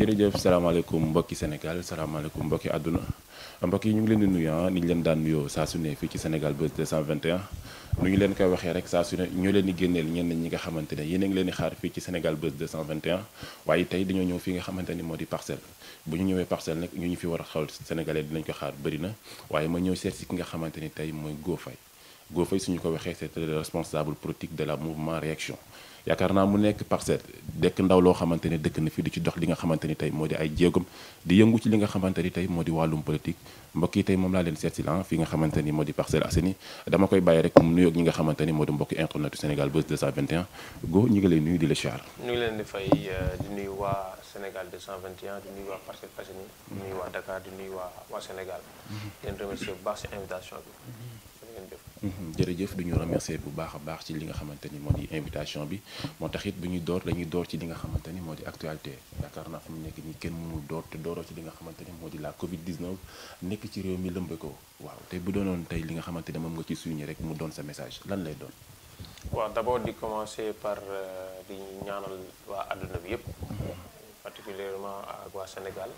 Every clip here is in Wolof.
jërëjëf salaamaaleykum mbokki Sénégal salaamaaleykum mbokki àdduna mbokk yi ñu ngi leen di nuyu ah, ni ñu leen daan nuyoo saa su fii ci Sénégal Buzz 221 nu ñu leen koy waxee rek saa su ne ñoo leen di génneel ñenn ñi nga xamante ne yéen ngi leen di fii ci Sénégal Buzz 221 waaye tey dañoo ñëw fii nga xamante ni moo di parcelle bu ñu ñëwee parcel nag ñu ñu fi war a xool sénégalais dinañ ko xaar bëri na waaye ma ñëw seet si ki nga xamante ni tey mooy Go Faye Go Faye suñu ko waxee c'est le responsable politique de la mouvement réaction yaakaar naa mu nekk parcelle dekk ndaw loo xamante ne dëkk na fi di ci dox li nga xamante ni tey moo di ay jéegom di yëngu ci li nga xamante ni tey moo di wàllum politique mbokk yi tey moom laa leen seet si lan fi nga xamante ni moo di Parcelles Assainies dama koy bàyyi rek mu nuyoog ñi nga xamante ni moo di mbokki internet Sénégal Buzz 221 ngi lay nuyu di la siyaar ñu ngi leen di fay euh, di nuyu waa Sénégal 221 di nuyu waa Parcelles Assainies di nuyu waa Dakar di nuyu waa waa Sénégal mm-hmm. leen remercier bu baax si invitation bi mm-hmm. Mm-hmm. jërëjëf du ñu remercier bu baax a baax ci li nga xamante ni moo di invitation bi moo tax bu ñuy door dañuy door ci li nga xamante ni moo di actualité yaakaar naa fa mu nekk nii kenn mënul door te dooroo ci li nga xamante ni moo di la Covid 19 nekk ci réew mi lëmbe ko waaw tey bu doonoon tey li nga xamante ni moom nga ci suñu rek mu doon sa message lan lay doon. waaw d'abord di commencer par euh, di ñaanal waa àdduna bi yëpp. Mm-hmm. particulièrement ak waa Sénégal.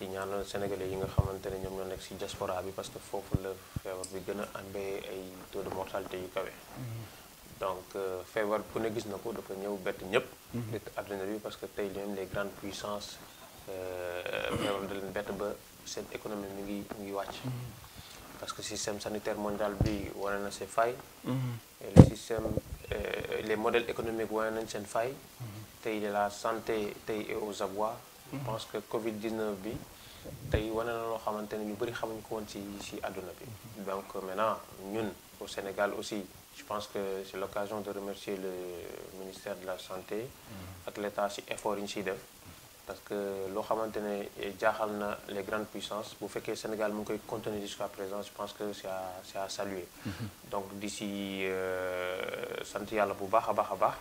di ñaanal sénégalais yi nga xamante ne ñoom ñoo nekk ci diaspora bi parce que foofu la feebar bi gën a amee ay taux de mortalité yu kawe. donc euh, feebar ku ne gis na ko dafa ñëw bett ñëpp. Mhm. bett àdduna bi parce que tey même les grandes puissances euh, feebar da leen bett ba seen économie mi ngi mi ngi wàcc. Mhm. parce que système sanitaire mondial bi wane na seen fay mhm. le système euh, les modèles économiques wane nañ seen fay tey la santé tey est aux abois. je pense que Covid 19 bi tey wane na loo xamante ne ñu bëri xamuñ ko woon ci ci àdduna bi. donc euh, maintenant ñun au Sénégal aussi je pense que c'est l'occasion de remercier le ministère de la santé. ak l'État ci effort yi ñu ciy def. parce que loo xamante ne jaaxal na les grandes puissances bu fekkee Sénégal mu ngi koy continuer jusqu'à présent je pense que c'est a c'est à saluer. Mm-hmm. donc di ci euh, sant yàlla bu baax a baax a baax.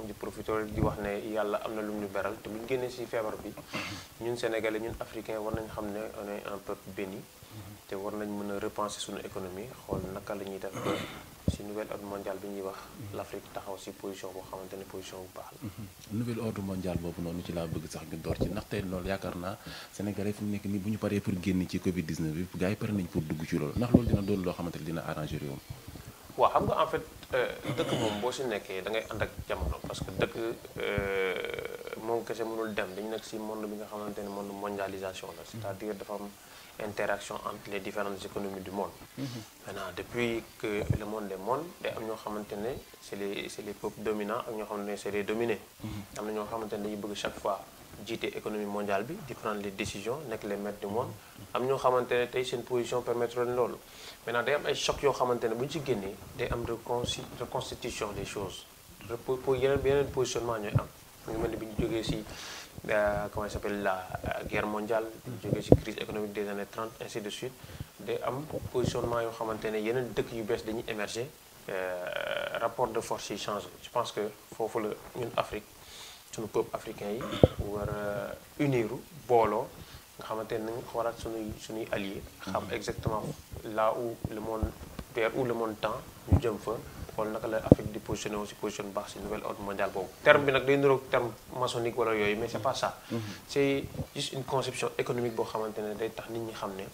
di profiter di wax ne yàlla am na lu ñu beral te bu ñu génnee ci feebar bi ñun sénégalais ñun africain war nañ xam ne on est un peuple béni te war nañ mën a repenser suñu économie xool naka la ñuy def ci nouvel ordre mondial bi ñuy wax l'Afrique taxaw ci position boo xamante position bu baax la mm-hmm. nouvel ordre mondial boobu noonu ci laa bëgg sax ñu door ci ndaxte loolu yaakaar naa sénégalais fu mu nekk nii bu ñu paree pour génn ci covid 19 bi gars yi pare nañ pour dugg ci loolu ndax loolu loo xamante ne dina arranger réew mi waaw xam nga en fait euh, dëkk moom boo si nekkee da ngay ànd ak jamono parce que dëkk euh, moom kese mënul dem dañu nekk si monde bi nga xamante ne monde mondialisation la à dafa am interaction entre les différentes économies du monde mhm. depuis que le monde monde day am ñoo xamante ne c'est les c'est les peuples dominants ak ñoo xamante ne c'est les dominés mhm. am na ñoo xamante ne dañuy bëgg chaque fois jiite économie mondiale bi di prendre les décisions nekk les maîtres du monde am ñoo xamante ne tey seen position permettre leen loolu maintenant day am ay choc yoo xamante ne bu ñu ci génnee de am reconstitution des choses pour yeneen yeneen positionnement ñooy am mu ngi mel ni bi ñu jógee si euh, comment la guerre mondiale bi ñu jógee si crise économique des années 30 ainsi de suite day am positionnement yoo xamante ne yeneen dëkk yu bees dañuy émerger euh, rapport de force yi change je pense que foofu la ñun Afrique suñu peuple africain yi war a booloo nga xamante ne nañ xoolaat suñuy suñuy xam mhm. exactement là où le monde ñu jëm fa xool naka la Afrique di positionné aussi position baax si nouvelle ordre mondial boobu terme bi nag day niroog terme maçonnique wala yooyu mais c'est pas ça mhm. c'est une conception économique boo xamante ne day tax nit ñi xam ne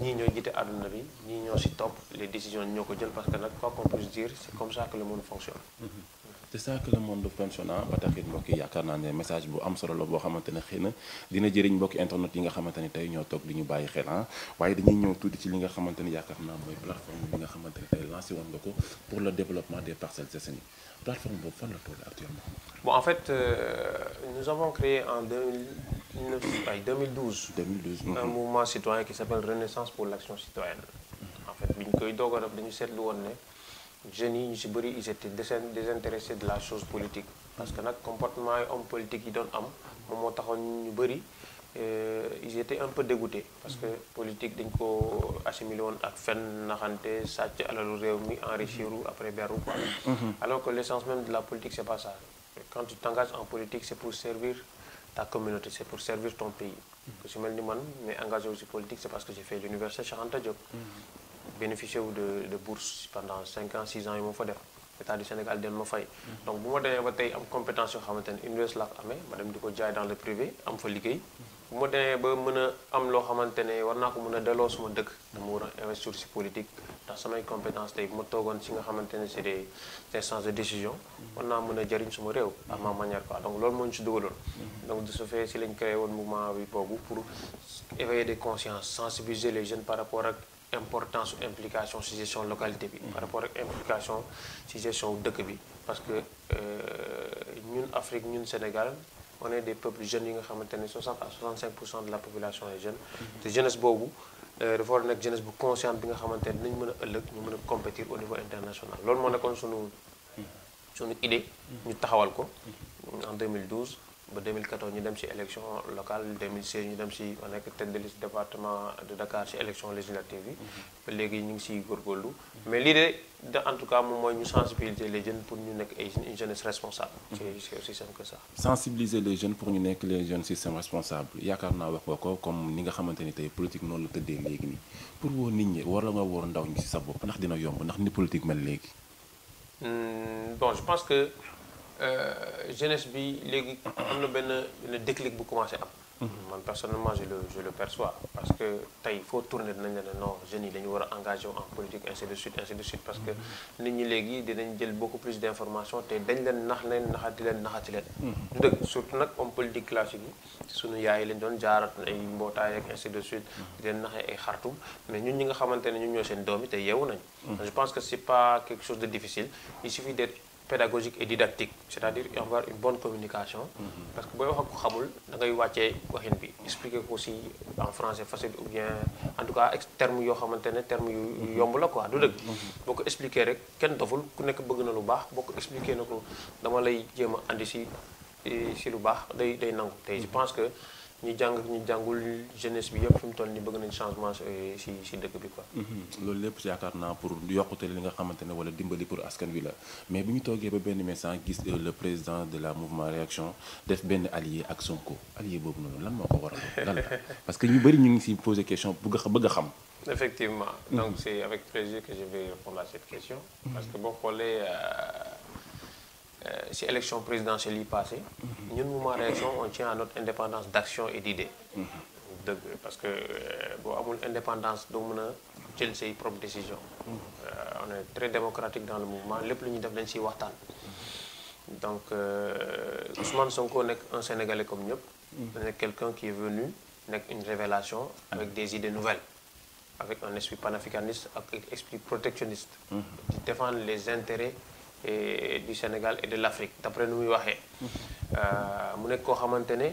ñii ñoo jiite àdduna bi ñii ñoo si topp les décisions ñoo ko jël parce que nag quoi qu'on puisse comme ça que le monde c'est ça que le monde fonctionne ah. ba taxit mbokk yi yaakaar naa ne message bu am solo la boo xamante ne na dina jëriñ mbokki internet yi nga xamante ne tey ñoo toog di ñu bàyyi xel ah waaye dañuy ñëw tuuti ci li nga xamante ne yaakaar naa mooy plateforme bi nga xamante ne lancé woon nga ko pour le développement des Parcelles Assainies plateforme boobu fan la toll actuellement. bon en fait euh, nous avons créé en 2009 ay mhm. citoyenne. Mhm. en fait bi ñu koy doog a dañu seetlu woon ne. jeunes yi ñu si bëri ils étaient désintéressés de la chose politique parce que nag comportement yi homme politique yi doon am moom moo taxoon ñu bëri euh, ils étaient un peu dégoûtés parce que mm-hmm. politique dañ ko assimilé woon ak fenn naxante sàcc alalu réew mi enrichiru mm-hmm. après berru quoi mm-hmm. alors que l'essence même de la politique c'est pas ça quand tu t'engages en politique c'est pour servir ta communauté c'est pour servir ton pays ku si mel ni man mais engagé aussi politique c'est parce que j'ai fait l'université bénéficié wu de de bourse pendant 5 ans 6 ans yi ma fa def état du Sénégal den ma fay. donc bu ma demee ba tey am compétence yoo xamante ne université laa amee ma dem demee ba mën a am loo xamante war naa ko mën a delloo suma dëkk dama war a si politique ndax samay compétence tey bu ma toogoon si nga xamante ne c'est des de décision war naa mën a jariñ suma réew à ma manière donc loolu moo ñu si dugaloon donc de ce fait si lañ créé importance implication ci gestion localité bi. par rapport ak implication ci gestion dëkk bi. parce que euh, ñun Afrique ñun Sénégal on est des peuples jeunes yi nga xamante ne 60 à 65 pour cent de la population est jeune. te jeunesse boobu euh, dafa war a nekk jeunesse bu consciente bi nga xamante ne dinañ mën a ëllëg ñu mën a compétir au niveau international loolu moo nekkoon sunu sunu ñu taxawal ko en ba 2014 ñu dem ci élection locale 2016 ñu dem ci ma nekk tête de liste département de Dakar ci élection législative yi. ba léegi ñu ngi ciy góorgóorlu. mais lii de de en tout cas moom mooy ñu sensibiliser les jeunes pour ñu nekk ay une mm-hmm. système responsable yaakaar naa wax nga ko comme ni nga xamante tey politique noonu la tëddee léegi nii pour woo nit ñi war la nga wóor ndaw ñi ci sa bopp ndax dina yomb ndax ni politique mel léegi. Hmm, bon je pense Euh, jeunesse bi léegi am na benn benn bu commencé am. Mhm. man personnellement je le je parce que tey foo tourner dinañ la ne non jeunes yi dañu war a engagé wu en politique ainsi de suite ainsi parce que mhm. nit léegi dinañ jël beaucoup plus d' information te dañ leen nax leen naxati leen naxati leen. du mhm. dëgg surtout nag homme politique classique yi suñu yaay lañ doon jaarat ay mbootaay ak ainsi de suite di leen naxee ay xartum mais ñun ñi nga xamante ne ñun ñoo seen doom yi te yeewu nañ je pense que c' pas quelque chose de difficile il suffit d' être pédagogique et didactique c'est-à-dire avoir une bonne communication mm-hmm. parce que booy wax ak ko xamul da ngay wàccee waxin bi expliquer ko si en français facile ou bien en tout cas terme yoo xamante ne terme yu mm-hmm. yomb la quoi du dëgg mm-hmm. boo ko expliquer rek kenn doful ku nekk bëgg na lu baax boo ko expliquer na ko dama lay jéem a andi si si lu baax day day nangu te je pense que ñu jàng ñu jàngul jeunesse bi yëpp fi mu toll nii bëgg nañ changement si si dëkk bi quoi. Mhm. loolu lépp yaakaar naa pour yokkute li nga xamante ne wala dimbali pour askan wi la mais bu ñu toogee ba benn message gis euh, le président de la mouvement réaction def benn allié ak Sonko allié boobu noonu lan moo ko waral lan la parce que ñu bëri ñu ngi si posé question bëgg a bëgg a xam. effectivement mhm. donc c'est avec plaisir que je vais répondre à cette question. Mhm. parce Euh, si élection présidentielle yi passé mhm. ñun mouvement réaction on tient à notre indépendance d'action et d'idée mhm. parce que euh, boo amul indépendance doo mën a jël say propre décision mhm. euh, on est très démocratique dans le mouvement lépp lu ñuy def dañ siy waxtaan donc Ousmane Sonko nekk un Sénégalais comme ñëpp nekk quelqu'un qui est venu nekk une révélation avec des idées nouvelles avec un esprit panafricaniste ak esprit protectionniste di défendre les intérêts et eh, du Sénégal et de l'Afrique d'après nu muy waxee euh, mu nekk koo xamante ne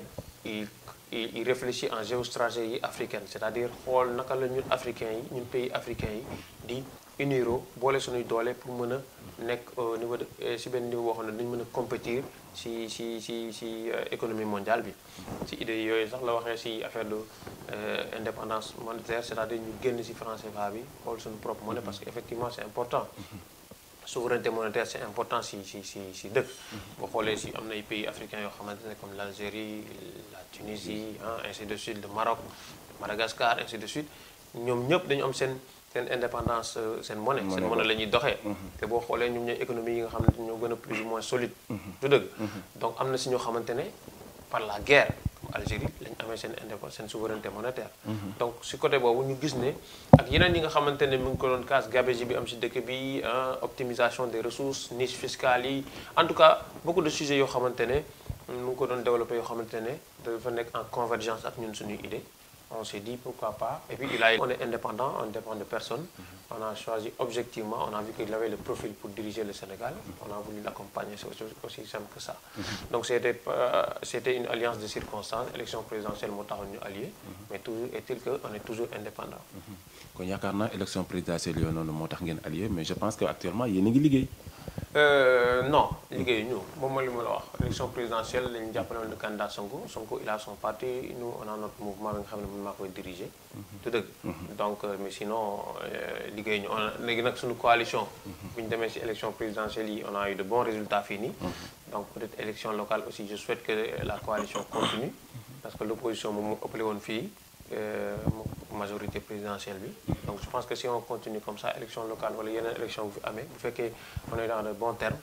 il il réfléchit en géostratégie yi africain c'est-à-dire xool naka la ñun africains yi ñun pays africains yi di uniro boole suñuy doolee pour mën a nekk au niveau de euh, si benn niveau boo xam ne dañu mën a compétir si si si si euh, économie mondiale bi si idée yooyu sax la waxee si affaire de indépendance monétaire c'est-à-dire ñu génn si franc CFA bi xool suñu propre monnaie parce que effectivement c'est important souveraineté monétaire c'est important si si si si dëkk boo xoolee si am nay pays africains yoo xamante ne comme l'Algérie la Tunisie ah ainsi de suite le Maroc Madagascar ainsi de suite ñoom ñëpp dañu am seen seen indépendance euh, seen monnaie seen monnaie la ñuy doxee mhm. te boo xoolee ñoom ñooy économie yi nga xamante ne ñoo gën a plus ou moins solide mhm. du dëgg mhm. donc am na si ñoo xamante ne par la guerre Algérie lañ amee seen indépendance seen souveraineté monétaire mhm. donc si côté boobu ñu gis ne ak yeneen yi nga xamante ne mu ngi ko doon kaas gabegie bi am si dëkk bi optimisation des ressources niche fiscale yi en tout cas beaucoup de sujets yoo xamante ne mu ngi ko doon développé yoo xamante ne dafa nekk en convergence ak ñun suñuy idée on s'est dit pourquoi pas. Et puis là, on est indépendant, on ne dépend de personne. Mhm. On a choisi objectivement, on a vu qu'il avait le profil pour diriger le Sénégal. Mhm. On a voulu l'accompagner, c'est aussi simple que ça. Mhm. c'était une alliance de circonstances, élection présidentielle moo taxoon ñu allié. Mais toujours est-il qu'on est toujours indépendant. kon yaakaar naa élection présidentielle yooyu noonu moo allié mais je pense que actuellement yéen a ngi liggéey. Euh, non liggéey ñu moom mooy li ma la wax élection présidentielle lañu jàppale woon le candidat Sonko Sonko il a son parti nous on a notre mouvement bi nga xam ne man maa koy diriger. du mhm. dëgg mhm. donc euh, mais sinon euh, liggéey ñu on nag suñu coalition. Mhm. bu ñu demee si élection présidentielle yi on a eu de bons résultats fii nii. donc peut-être élection locale aussi je souhaite que la coalition continue parce que l'opposition moom mu ëppale woon fii. majorité présidentielle bi donc je pense que si on continue comme ça élection locale wala yeneen élection bu fi amee bu fekkee on est dans de bons termes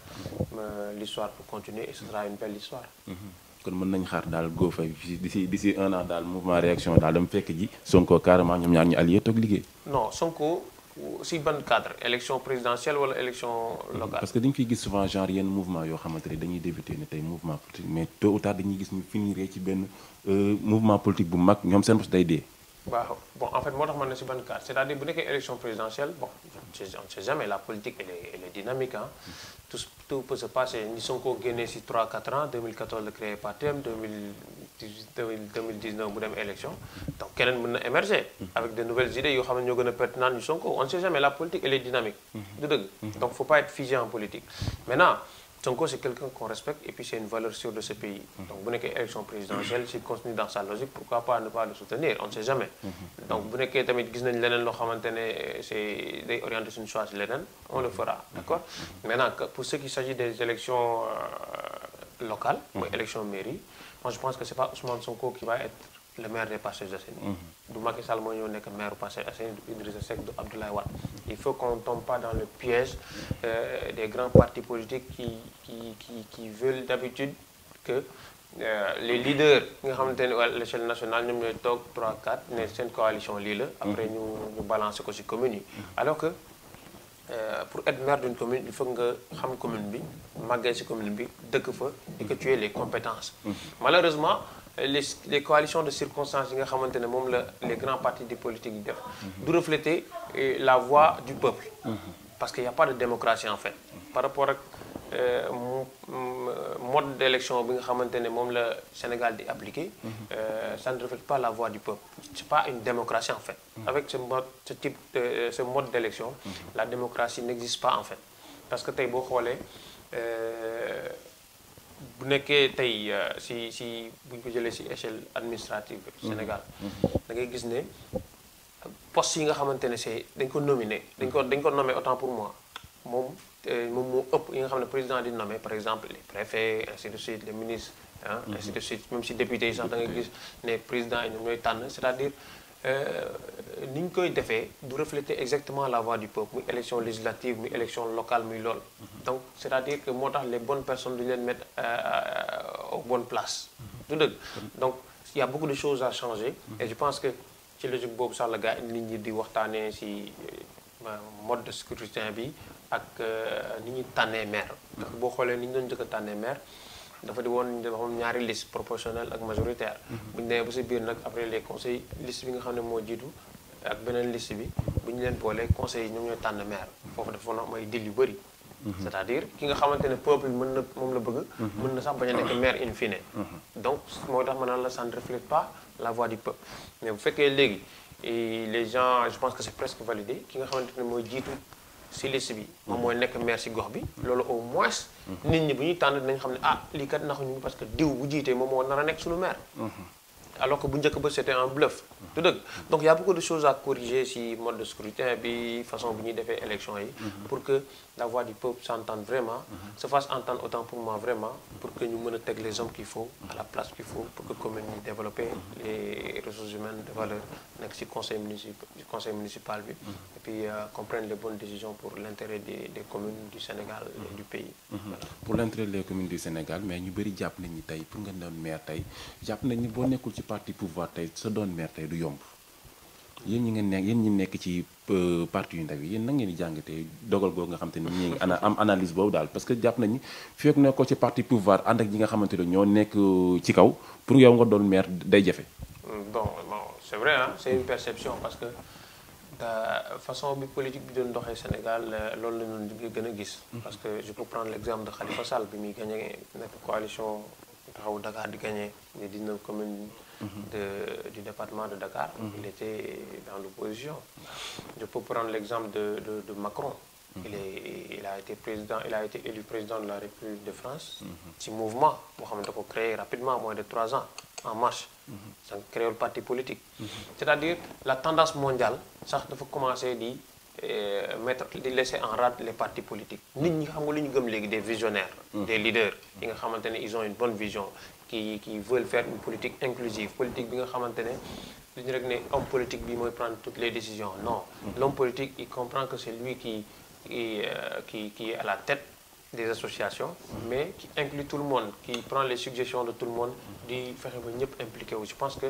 euh, l'histoire peut continuer et ce sera une belle histoire mhm. kon mën nañ xaar daal Go Faye d'ici d'ici un an daal mouvement réaction daal dama fekk ji Sonko carrément ñoom ñaar ñu allié toog liggéey non Sonko si ban cadre élection présidentielle wala élection mhm. locale parce que dañu fiy gis souvent genre yenn mouvement yoo xamante ne dañuy débuté ne tey mouvement politique mais tôt ou tard dañuy gis ñu finiree ci benn euh, mag ñoom seen bos day waaw bon en fait moo tax ma ne si ban carte c'est-à-dire bu nekkee élection présidentielle bon on ne sait jamais la politique elle est elle mm-hmm. tout peut se passer ñi Sonko génnee si 3 4 ans la créé PATEM 2019 mu dem élection donc keneen mën na émerger. Mm-hmm. avec de nouvelles idées yoo xam ne ñoo gën a pertinentes ñu Sonko on ne sait jamais la politique elle est dynamique. Mm-hmm. du dëgg pas être figé en politique maintenant. Sonko c'est quelqu'un qu'on et c'est une valeur sûre de ce pays. Mhm. donc bu nekkee élection présidentielle s'il continue dans sa logique pourquoi pas ne pas le soutenir on sait jamais. Mhm. donc bu nekkee tamit gis nañ leneen loo xamante ne c'est day orienter leneen on le fera mhm. d'accord maintenant pour ce qui s'agit des élections euh, locales. mooy élection mairie moi je pense que c'est pas Ousmane Sonko qui va le maire des Parcelles Assainies. Mhm. du Macky Sall moo ñëw nekk maire Parcelles Assainies du Idrissa Seck du Abdoulaye Wade. il faut qu'on ne tombe pas dans le piège euh, des grands partis politiques qui qui qui veulent d'habitude que euh, les leaders nga xamante ne à l'échelle nationale ñoom la toog 3 4 ne seen coalition lii la. après ñu ñu balancer ko ci commune yi. Mhm. alors que Euh, pour être maire commune il faut nga xam commune bi màggee ci commune bi dëkk fa et que tu les compétences. Mhm. les les coalitions de circonstances yi nga xamante ne moom la les grands partis du politique yi def mhm. du refléter eh, la voix du peuple mhm. parce que y a pas de démocratie en fait mhm. par rapport ak euh, mode d'élection bi nga xamante ne moom la Sénégal di appliquer euh, ça ne reflète pas la voix du peuple c'est pas une démocratie en fait avec ce mode ce type de ce mode d'élection la démocratie n'existe pas en fait parce que tey boo xoolee euh, bu nekkee tey euh, si si buñ ko jëlee si échelle administrative mhm. Sénégal mhm. da ngay gis ne poste yi nga xamante ne c'est dañ ko nominé dañ ko dañ ko nommé autant pour moi moom euh, moom moo ëpp yi nga xam ne président di nommé par exemple les préfets ainsi de suite les ministres ah ainsi de suite même si député yi sax da gis ne président yi tànn c'est-à-dire Euh, ni ñu koy defee du refléter exactement la voix du peuple muy élection législative muy élection locale muy lool. Mhm. donc c'est-à-dire que moo tax les bon personnes du leen mettre euh, euh, aux bonnes places. Mhm. du dëgg donc il y a beaucoup de choses à changer. Mhm. et je pense que ci logique boobu sax la gaa nit ñi di waxtaanee si mode de scrutin bi ak ni ñuy tànnee maire. parce que boo xoolee ni ñu doon njëkk a tànnee maire. dafa di woon dafa am ñaari liste proportionnelle ak majoritaire mhm. bu ñu demee ba si biir nag après les conseils liste bi nga xam ne moo jiitu ak beneen liste bi bu ñu leen boolee conseils yi ñoom ñooy tànn maire foofu dafa am ay dil yu bëri mhm. c'est-à-dire ki nga xamante ne peuple mën na moom la bëgg mhm. mën na sax bañ nekk maire in donc moo tax ma naan la ça ne reflète pas la voix du peuple mais bu fekkee léegi les gens je pense que c'est presque validé ki nga xamante ne mooy jiitu si liste bi mhm. moom mooy nekk maire si gox bi mhm. loolu au moins mhm. nit ñi bu ñuy tànn dinañ xam ne ah lii kat naxuñu parce que diw bu jiitee moom moo nar a nekk suñu maire alors bu njëkk ba c'était un bluff. du dëgg donc y a beaucoup de choses à corriger si mode de scrutin bi façon bu ñuy defee élection yi. Mhm. pour que la voix du peuple s'entende vraiment. Mhm. se fasse entendre autant pour moi vraiment. pour que ñu mën a teg les hommes qu'il faut à la mhm. place qu'il faut pour que commune yi développer les ressources humaines de valeur nekk si conseil municipal bi. puis euh, qu'on les bonnes décisions pour l'intérêt des communes du mais ñu bëri jàpp nañu tey pour nga doon maire parti pouvoir tey sa doon maire tey du yomb yéen ñi ngeen nekk yéen ñi nekk ci euh, parti yu ndaw yi yéen na ngeen di jàngatee dogal googu nga xam te ni ñu ngi ana am analyse boobu daal parce que jàpp nañu fekk parti pouvoir ànd ak ñi nga xamante ne ñoo nekk euh, ci kaw pour yow nga doon maire day jafe. bon bon c'est vrai ah c'est une perception parce que da façon bi politique bi doon doxee euh, loolu la ñu gën a gis. Mhm. parce que je peux prendre l'exemple de Khalifa Sall bi muy gagné nekk coalition Mm-hmm. de, du département de Dakar, mm-hmm. il était dans l'opposition. Je peux prendre l'exemple de, de, de, Macron. Mm-hmm. Il, est, il, a été président, il a été élu président de la République de France. Ce mouvement, Mohamed Dako, créé rapidement, en moins de trois ans, en marche. Ça créé le parti politique. C'est-à-dire, la tendance mondiale, ça faut commencer à dire euh, mettre di laisser en rade les partis politiques nit ñi xam nga lu ñu gëm léegi des visionnaires des leaders yi nga xamante ne ils ont une bonne vision qui qui veulent faire une politique inclusive politique bi nga xamante ne du ñu rek ne homme politique bi mooy prendre toutes les décisions non mm. l'homme politique il comprend que c'est lui qui qui euh, qui qui est à la tête des associations, mais qui inclut tout le monde, qui prend les suggestions de tout le monde, di fexe ba ñëpp impliqué wu. je pense que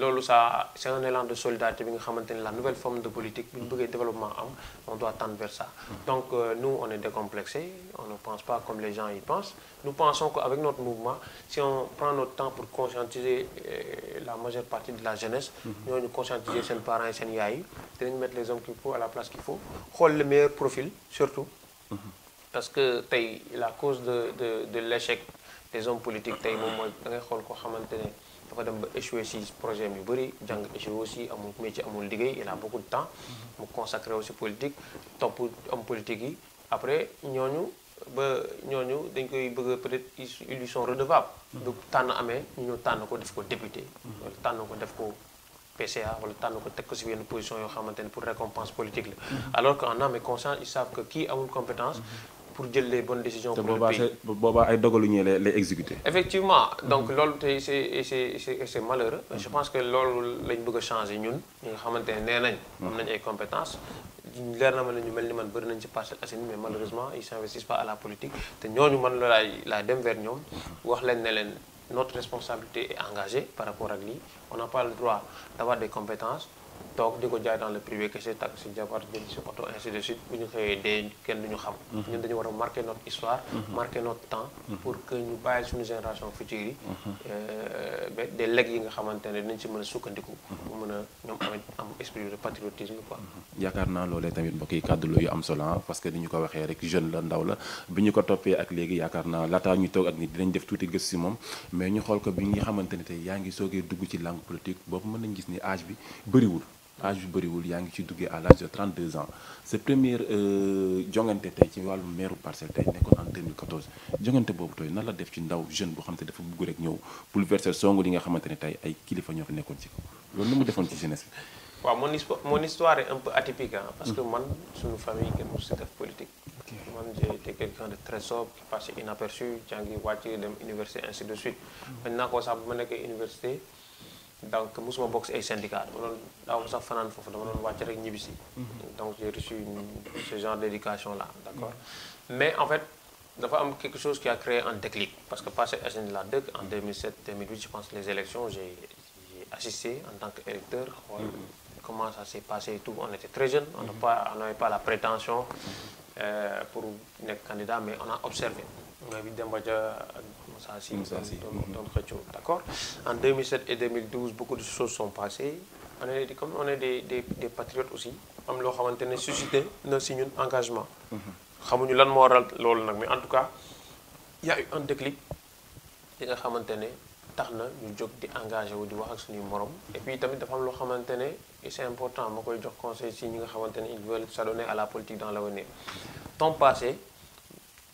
loolu sa se un élan de solidarité bi nga xamante ne la nouvelle forme de politique bu ñu bëggee développement am on doit tendre vers ça. donc euh, nous on est décomplexé on ne pense pas comme les gens y pensent nous pensons qu'avec notre mouvement si on prend notre temps pour conscientiser euh, la majeure partie de la jeunesse. ñooñu conscientiser seen seen yaay yi dinañ mettre la place qu'il faut xool le meilleur profil surtout. parce que tey la cause de de de l'échec des hommes politiques tey moom mooy da ngay xool ko xamante ne dafa dem ba échoué si projet yu bari jàng échoué aussi amul métier amul liggéey il a beaucoup de temps mu consacré aussi politique topp politique yi après ñooñu ba ñooñu dañ koy bëgg peut-être ils sont redevables du tànn amee ñu ñëw tànn ko def ko député wala tànn ko def ko PCA wala tànn ko teg ko si benn position yoo xamante ne pour récompense politique la mm-hmm. alors que en âme conscience ils savent que amul compétence pour jël les bonnes décisions pour le pays boobaa ay dogalu ñu lay lay exécuter. effectivement mm-hmm. donc loolu tey c' est c' est malheureux. Mm-hmm. je pense que loolu lañ bëgg a changer ñun ñi nga xamante ne nee nañ. am mm-hmm. nañ ay compétences. leer na ma ne ñu mel ni man bëri nañ ci Parcelles Assainies mais malheureusement ils s'investissent pas à la politique te ñooñu man la laay laay dem vers ñoom wax leen ne leen notre responsabilité est engagée par rapport ak lii on n'a pas droit d'avoir des toog di ko jaay dans le privé kese tàgg si jabar jël si oto ainsi de suite bu ñu xëyee dee kenn du ñu xam mhm. ñun dañu war a marqué notre histoire mhm. marqué notre temps mhm. pour que ñu bàyyi suñu génération ci yi euh, ba des yi nga xamante ne dinañ si mën a sukkandiku bu mën a ñoom amee am esprit de patriotisme quoi yaakaar naa loolee tamit mbokk yi kàddu la am solo ah, parce que ni ñu ko waxee rek jeune la ndaw la bi ñu ko toppee ak léegi yaakaar naa laataa ñu toog ak ni dinañ def tuuti gëstu si moom mais ñu xool ko bi nga xamante ne tey yaa ngi soogee dugg ci langue boobu mën nañ gis ni âge bi bëriwul âge bu bariwul yaa ngi ci duggee à l'âge de 32 ans sa première euh, jongante tey ci wàllu meeru parcelle tey nekkoon en 2014 jongante boobu tey nan la def ci ndaw jeune boo xam te dafa bugg rek ñëw bouleverser songu li nga xamante ne tey ay kilifa ñoo fi nekkoon ci kaw loolu nu mu defoon ci jeunesse bi. waaw mon histoire mon histoire atypique parce que mm. man suñu famille kenn mosu si def politique. man j'ai été quelqu'un de de suite. maintenant mm. koo sax donc mosuma bokk si ay syndicat dama doon daaw fanaan foofu dama doon wàcc rek ñibbisi mhm. donc j'ai reçu ce genre d'éducation là d'accord mhm. mais en fait dafa am quelque chose qui a créé un déclic parce que passé SN la dëkk en 2007 2008 je pense les élections j'ai assisté en tant qu'électeur xool mhm. comment ça s'est passé et tout on était très jeunes on n'a pas on n'avait euh, pour nekk candidat mais on a observé nga bi Demba Moussa Sy doon doon xëccoo d'accord en 2007 et 2012 beaucoup de choses sont passées on est comme on est des des aussi am loo xamante ne na si ñun engagement xamuñu lan moo waral loolu nag mi en tout cas y a eu un déclic nga xamante ne tax na ñu jóg di engage wu di wax ak suñuy morom et puis tamit dafa am loo xamante ne c'est important ma koy jox conseil si ñi nga xamante ne ils veulent s'adonner à la politique dans l'avenir temps passé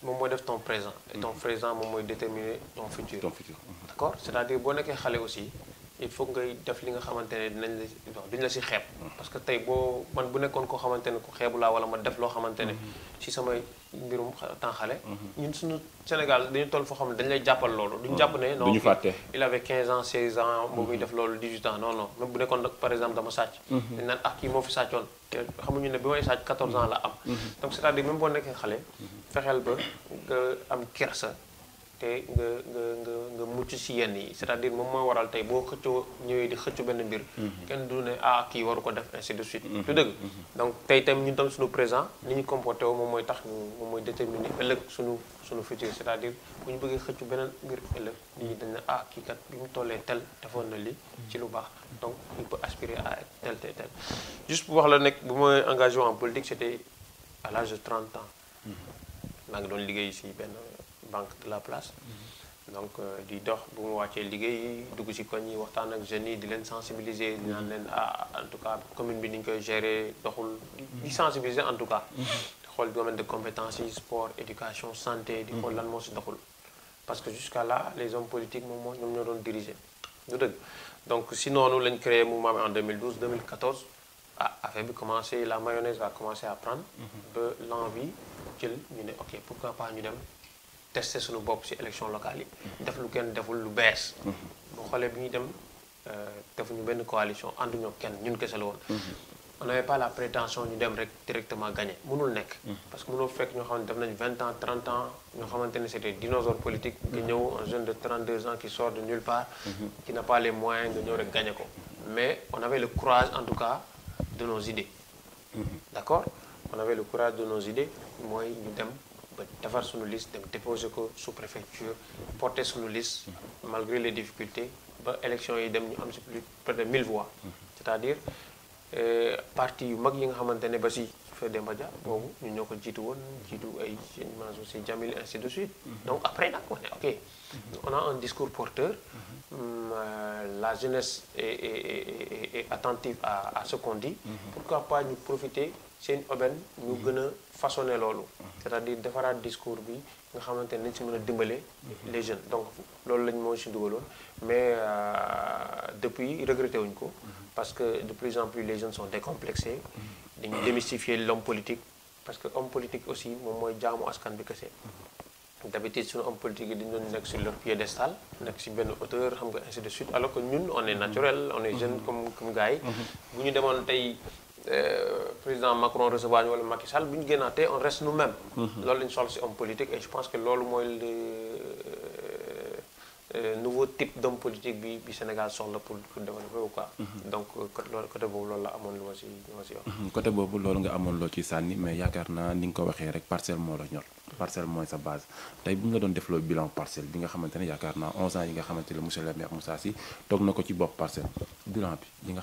moom mooy def ton présent. et ton mm-hmm. présent moom mooy déterminer ton futur. ton futur mm-hmm. d' accord à dire boo nekkee xale aussi il faut ngay def li nga xamante ne dinañ la si xeeb. Mm-hmm. parce que tey boo man bu nekkoon koo xamante ne ku xeebu laa wala ma def loo xamante ne. si samay mbirum temps xale. ñun suñu Sénégal dañu toll foo xam ne dañu lay jàppal loolu. duñu jàpp ne non il avait 15 ans 16 ans moom muy def loolu 18 ans non non même bu nekkoon fexeel ba nga am kersa te nga nga nga nga mucc si yenn yi c'est-à-dire moom mooy waral tey boo xëccoo ñëwee di xëccu benn mbir. Mhm. kenn du ne ah kii waru ko def ainsi de suite. Mhm. du dëgg mhm. donc tey tam ñu tam suñu présent ni ñu comporté woo moom mooy tax ñu moom mooy déterminer ëllëg suñu suñu futur cest à ñu bëggee xëccu beneen mbir ëllëg nit ñi dañ ne ah kii kat bi mu tollee tel defoon na li ci lu baax donc il peut aspirer à tel tel tel. juste pour wax la nekk bu ma engagé en politique c'était à l'âge de 30 ans. maa ngi doon liggéey si benn banque de la place donc euh, di dox bu mu wàccee liggéey dugg si koñ yi waxtaan ak jeunes yi di leen sensibiliser di naan leen ah en tout cas commune bi ni ñu koy gérer doxul di sensibiliser en tout cas di xool domaine de compétence yi sport éducation santé di xool lan moo si doxul parce que jusqu'à là les hommes politiques moom moo ñoom ñoo doon diriger du dëgg donc si noonu lañ créé mouvement bi en 2012 2014 ah affaire bi commencé la mayonnaise a commencé à prendre mhm. ba l'envie jël ñu ne ok pourquoi pas ñu dem tester suñu bopp ci élection locale yi. def lu kenn deful lu bees. Mm-hmm. bu xoolee bi ñuy dem euh, defuñu benn coalition ànduñu kenn ñun kese la woon. Mm-hmm. on n'avait pas la prétention ñu dem rek directement gagner mënul nekk. Mm-hmm. parce que mënoo fekk ñoo xamante def nañ vingt ans trente ans ñoo xamante ne c'était dinosaure politique. nga ñëw un jeune de 32 ans qui sort de nulle part. qui n'a pas les nga ñëw rek gagner ko. mais on avait le courage en tout cas de nos idées. d'accord on avait le courage mooy ñu dem ba defar suñu liste dem déposer ko sous préfecture porter suñu liste mhm. malgré les difficultés ba élection yi dem ñu am si plus près de 1000 voix mhm. c'est-à-dire euh, parti yu mag yi nga xamante ne ba si fa Demba Dia boobu ñu ñoo ko jiitu woon jiitu ay Mansour Sy Djamil ainsi de suite mhm. donc après nag on est ok on a un discours porteur euh, la jeunesse et attentive à à ce qu'on dit pas ñu profiter seen aubaine ñu mm-hmm. gën a façonné loolu mm-hmm. c'est-à-dire defaraat discours bi nga xamante ne nañ si mën a dimbale mm-hmm. les jeunes donc loolu lañ moo si dugaloon mais euh, depuis regretté wuñ ko parce que de plus en plus les jeunes sont décomplexés dañu démystifier l'homme politique parce que homme politique aussi moom mooy jaamu askan bi kese d'habitude suñu homme politique yi dañu doon nekk sur leur piédestal nekk si benn hauteur xam nga ainsi de suite alors que ñun on est naturel on est jeune comme comme gars yi bu ñu Euh, président Macron recevoir ñu wala Macky Sall bu ñu génnaatee on reste nous-mêmes. Mhm. loolu la ñu soxla si homme politique et je pense que loolu mooy le euh, euh, nouveau type d'homme politique bi bi Sénégal soxla pour pour développer ou quoi. Mhm. donc loolu côté boobu loolu la amoon lu ma si lu ma si wax. Mhm. côté boobu loolu nga amoon loo ci sànni mais yaakaar naa ni nga ko waxee rek parcel moo la ñor. parcelle mooy sa base tey bu ñu la doon defloo bilan parcelle bi nga xamante ne yaakaar naa 11 ans yi nga xamante ne monsieur le maire Moussa Sy toog na ko ci bopp parcelle bilan ni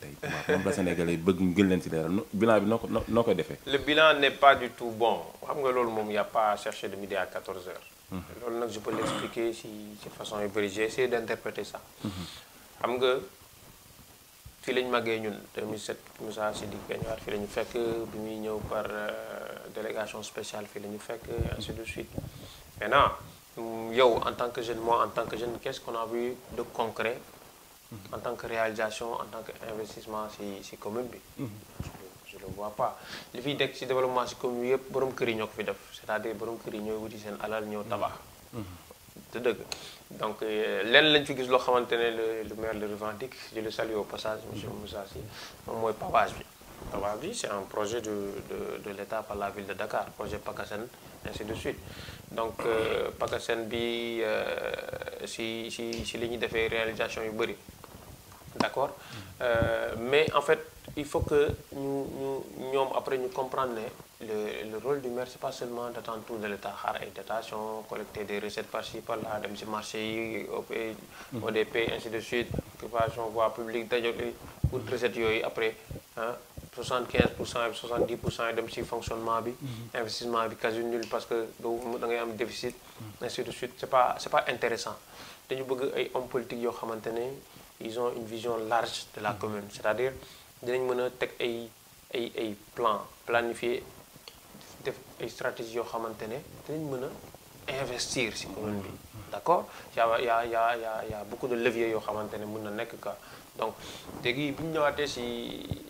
tey moom la Sénégalais bëgg si leeral bilan bi noo ko noo koy defee. le bilan n'est pas moom a pas à chercher de midi à 14 mhm. yu bëri j'ai essayé d'interpréter ça. Mhm. xam ñu fekk bi muy ñëw par. Euh, délégation spéciale fii la ñu fekk ainsi de suite maintenant yow en tan que jeune mois en tan que jeune quest a vu de concret en tant que réalisation en tant que investissement si si commune bi mhm. je le vois li fi dekk si développement si commune bi yëpp borom kër yi ñoo ko fi def c'est-à-dire borom kër yi ñooy wuti seen alal ñëw mhm. tabax mhm. te dëgg donc euh, lenn lañ fi gis loo xamante ne le lu le revendique je le salue au passage monsieur Moussa Sy moom mooy pavage bi Tabac bi c'est un projet de de, de l'État par la ville de Dakar projet PACASEN ainsi de suite donc euh, bi euh, si si si li ñuy defee réalisation yu bëri d'accord euh, mais en fait il faut que ñu ñu ñoom après ñu comprendre ne le le rôle du maire c'est pas seulement d'attendre tout de l'État xaar ay dotations collecter des recettes par-ci par-là dem ci marché yi ODP mm-hmm. ainsi de suite occupation voie publique dajo ut recettes yooyu après 75 pour cent 70 pour cent yi dem ci fonctionnement bi. Mm-hmm. investissement bi quasi nul parce que da ngay am déficit. Mm-hmm. ainsi de suite c' est pas c' pas intéressant dañu bëgg ay hommes politique yoo xamante ne ils ont une vision large de la mm-hmm. commune c' est à dire dinañ mën a teg ay ay ay plan planifier def ay stratégies yoo xamante ne dinañ mën a investir ci commune bi d' accord y' a y' a y' a y' a beaucoup de leviers yoo xamante ne mun na nekk quoi. donc léegi bi ñu ñëwaatee si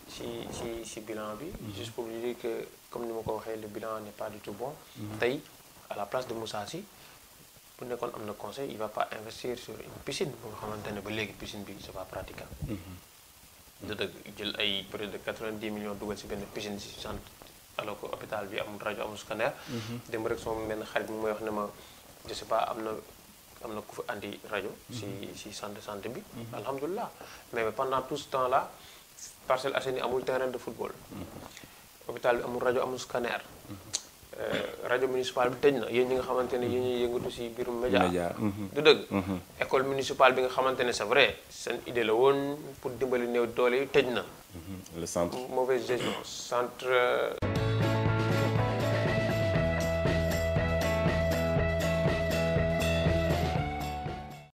si si si bilan bi. Mhm. juste pour lui que comme ni ma ko waxee le bilan n'est pas du tout bon. Mhm. tey à la place de Moussa bu nekkoon am na conseil il va pas investir sur une piscine bu nga xamante ne ba léegi piscine bi c'est pas praticable. Mhm. da dëgg jël ay près de 90 millions dugal si benn piscine si centre alors hôpital bi amul rajo amul scanner. dem rek sama benn xarit bi mooy wax ne ma je pas am na. am na ku fi andi rajo. Mm-hmm. si si centre santé bi. Mm-hmm. alhamdulilah mais pendant tout ce temps là Parcelles Assainies amul terrain de football. Mm-hmm. hôpital bi amul rajo amul scanner. Euh, rajo municipal bi tëj na yéen ñi nga xamante ne yéen ñuy si biirum média du dëgg école municipale bi nga xamante ne c'est seen idée la woon pour dimbali néew doole yi tëj na le centre mauvaise gestion centre euh,